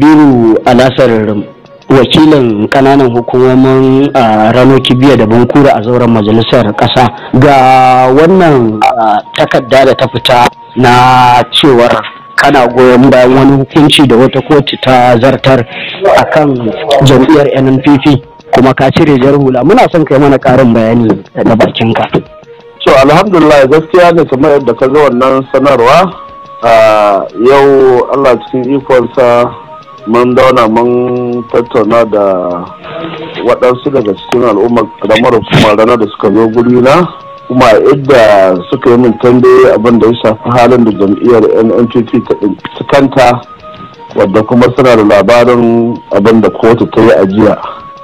Kabiru Alasar wakilin kananan hukumomin rano kibiya da bankura a zauren majalisar kasa ga wannan takarda da ta fita na cewar kana goyon bayan wani hukunci da wata kotu ta zartar a kan jam'iyyar nnpp kuma ka cire jar hula muna son kai mana karin bayani da bakinka so alhamdulillah gaskiya ne kamar yadda ka ga wannan sanarwa yau allah cikin ikonsa mun dauna mun tattauna da waɗansu daga cikin al'ummar ƙaramar hukumar rana da suka zo guri na kuma yadda suka yi min tambaye abin da ya shafi halin da jam'iyyar nnpp ta kanta wadda kuma suna da labarin abin da kotu ta yi a jiya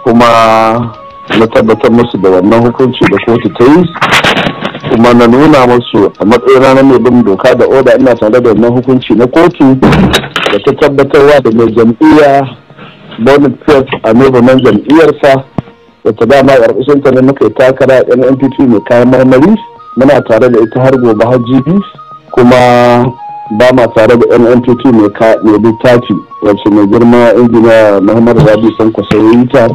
kuma na tabbatar musu da wannan hukunci da kotu ta yi kuma na nuna masu a matsayin ranar mai bin doka da oda ina tare da wannan hukunci na kotu da ta tabbatarwa da mai jam'iyya boniface a nebaman jam'iyyarsa da ta dama ƙarƙashin ta ne muka yi takara NPP mai kayan marmari muna tare da ita har gobe har gb kuma ba ma tare da nnpp mai littafi wacce mai girma injina muhammad rabi sanko yi ta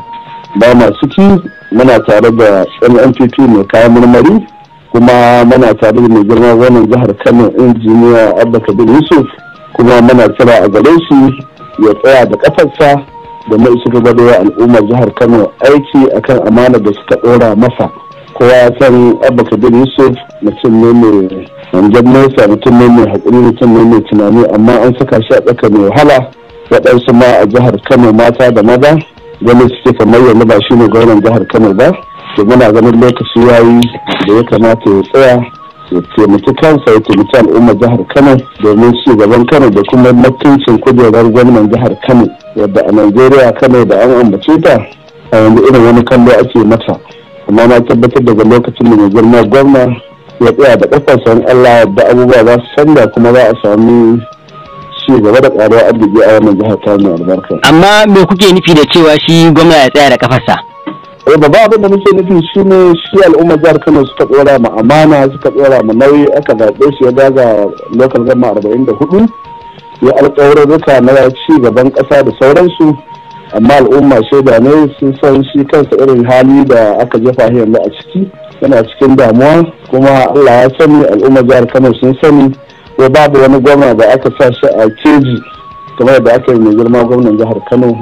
ba ma ciki muna tare da NPP mai kayan marmari kuma mana tare da mai girma wannan jihar kano injiniya abba kabir yusuf kuma mana kira a gare shi ya tsaya da kafarsa da mai shiga gado al'ummar jihar kano aiki akan amana da suka dora masa kowa ya san abba kabir yusuf mutum ne mai hangen nesa mutum ne mai haƙuri mutum ne mai tunani amma an saka shi a tsaka mai wahala waɗansu ma a jihar kano mata da maza wani suke kamar yanzu ba shi ne gwamnan jihar kano ba da muna ganin lokaci yi da ya kamata ya tsaya ya taimaki kansa ya taimaki al'ummar jihar kano domin ci gaban kano da kuma mutuncin kujerar gwamnan jihar kano yadda a najeriya kano da an ambace ta a yanzu irin wani kallo ake mata amma na tabbatar daga lokacin da mai girma gwamna ya tsaya da kafafen allah da abubuwa za su canza kuma za a sami ci gaba da karuwa arziki a wannan jihar kano albarka amma me kuke nufi da cewa shi gwamna ya tsaya da kafarsa eh babba abin da muke nufi ne shi al'ummar jihar Kano suka ɗora mu amana suka ɗora ma nauyi aka zaɓe shi ya daga arba'in gama hudu ya alƙawarurruka na ci gaban ƙasa da sauransu amma al'umma shaida ne sun san shi kansa irin hali da aka jefa yanzu a ciki yana cikin damuwa kuma Allah ya sani al'ummar jihar Kano sun sani ko babu wani gwamna da aka sa shi a keji kamar da aka yi mai girma gwamnan jihar Kano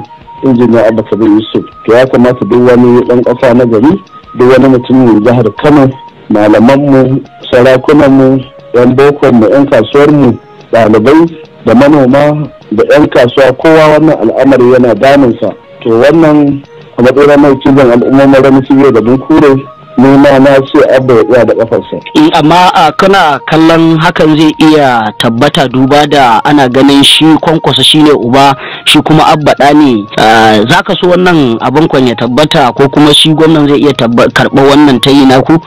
injiniya abba kabir yusuf to ya kamata duk wani dan kasa na gari duk wani mutumin jihar kano malamanmu sarakunanmu yan bokonmu yan mu ɗalibai da manoma da yan kasuwa kowa wannan al'amari yana damunsa to wannan a matsayin mai cibiyar al'ummar rami cibiyar da kure ni ma na ce abu ya da kafarsa eh, amma kana kallon hakan zai iya tabbata duba da ana ganin shi kwankwasa shi ne uba shi kuma abba da ne ka so wannan abin kwan ya tabbata ko kuma shi gwamnan zai iya karɓa wannan tayi naku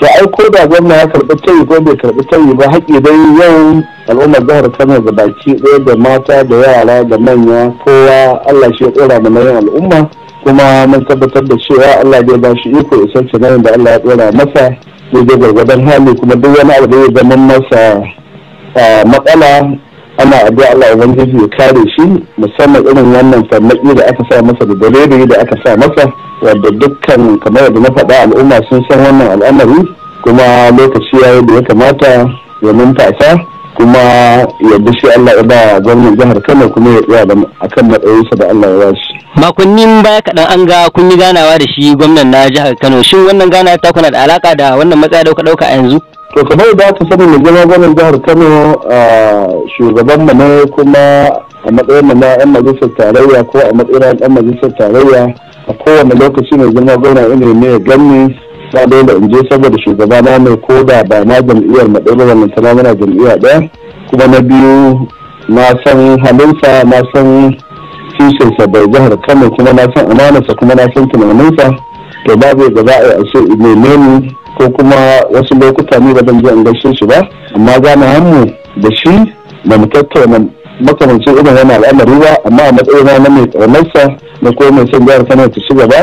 to ai ko da gwamna ya karɓi tayi ko bai karɓi tayi ba haƙƙi dai yau al'ummar jihar kano da baki ɗaya da mata da yara da manya kowa allah shi ya tsora mana yin al'umma kuma mun tabbatar da cewa Allah zai ba shi iko isarci sanayin da Allah ya tsora masa zai zai gwargwadon hali kuma duk wani abu da ya zama masa matsala ana addu'a Allah ubangiji ya kare shi musamman irin wannan farmaki da aka sa masa da dalili da aka sa masa wadda dukkan kamar yadda na faɗa al'umma sun san wannan al'amari kuma lokaci yayi da ya kamata ya numfasa kuma yadda shi Allah ya ba gwamnan jihar Kano kuma ya tsaya da akan matsayinsa da Allah ya ba shi. Makonnin baya kaɗan an ga kun yi ganawa da shi gwamnan na jihar Kano shin wannan gana ta kuna da alaka da wannan matsaya dauka ɗauka a yanzu? To kamar da aka sani mai zama gwamnan jihar Kano shugaban mu ne kuma a matsayin mu na ɗan majalisar tarayya ko a matsayin ɗan majalisar tarayya a kowane lokaci mai girma gwamna ne ya gani ta dole in je saboda shugaba na mai koda ba na jam'iyyar mu da wannan tana mana jam'iyya ɗaya kuma na biyu na san halinsa na san tushensa bai jihar kano kuma na san amanarsa kuma na san tunaninsa to ba zai za a yi a ne neme ko kuma wasu lokuta ne ba zan je in gaishe shi ba amma gane hannu da shi ba mu tattauna makamancin irin wani al'amari ba amma a matsayin na mai tsaronarsa na kuma mai son jihar kano ta shiga ba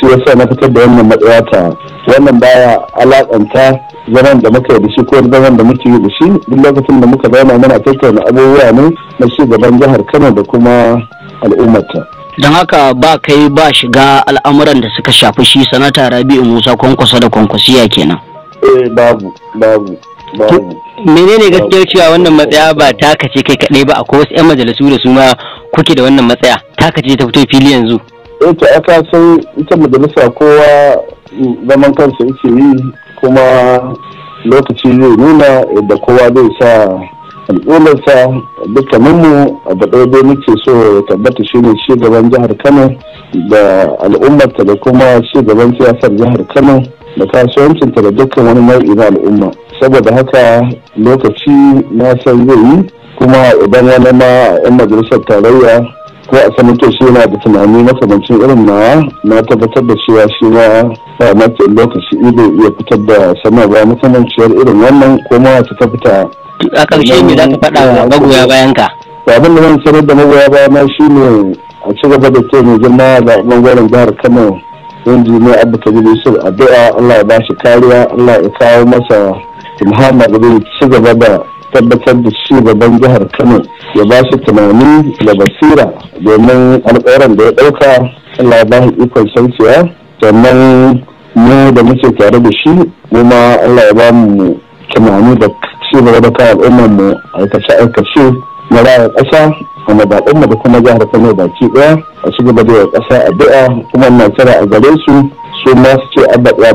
shi yasa na fitar da wannan matsaya wannan baya alakanta zaman da muka yi da shi ko zaman da muke yi da shi duk lokacin da muka zauna muna tattauna abubuwa ne na gaban jihar kano da kuma al'ummata don haka ba kai ba shiga al'amuran da suka shafi shi sanata rabi'u musa kwankwasa da kwankwasiya kenan eh babu babu menene gaskiyar cewa wannan matsaya ba ta ce kai kaɗai ba akwai wasu 'yan majalisu da su ma kuke da wannan matsaya taka ce ta fito fili yanzu eh to aka san ita majalisa kowa zaman kansa yake yi kuma lokaci zai nuna yadda kowa zai sa al'ularsa dukkaninmu da ɗaya muke so ya tabbata shi ne shugaban jihar kano da al'ummarta da kuma shugaban siyasar jihar kano da kasuwancinta da dukkan wani nau'i na al'umma saboda haka lokaci na san zai yi kuma idan wani ma 'yan majalisar tarayya ko a shi yana da tunani makamancin irin nawa na tabbatar da cewa shi ma mafi lokaci ido iya fitar da ba makamanciyar irin wannan ko wata ta fita a ƙarshe me za ka faɗa wa magoya bayan ka abin da zan sanar da magoya shi ne a ci gaba da ke mai girma da bangaren jihar kano injiniya abu kabir su addu'a allah ya bashi kariya allah ya kawo masa muhammad zai ci gaba da tabbatar da shi gaban jihar kano ya ba shi tunani da basira domin alƙawaran da ya ɗauka allah ya ba shi ikon sauciya sannan mu da muke tare da shi kuma allah ya ba mu tunani da ci gaba da kawo al'ummar mu aikace aikace na rayar ƙasa kuma ba umma da kuma jihar kano baki ɗaya a ci gaba da a addu'a kuma nasara a gare su su ma su ce allah